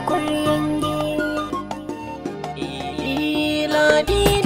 kuryen gere.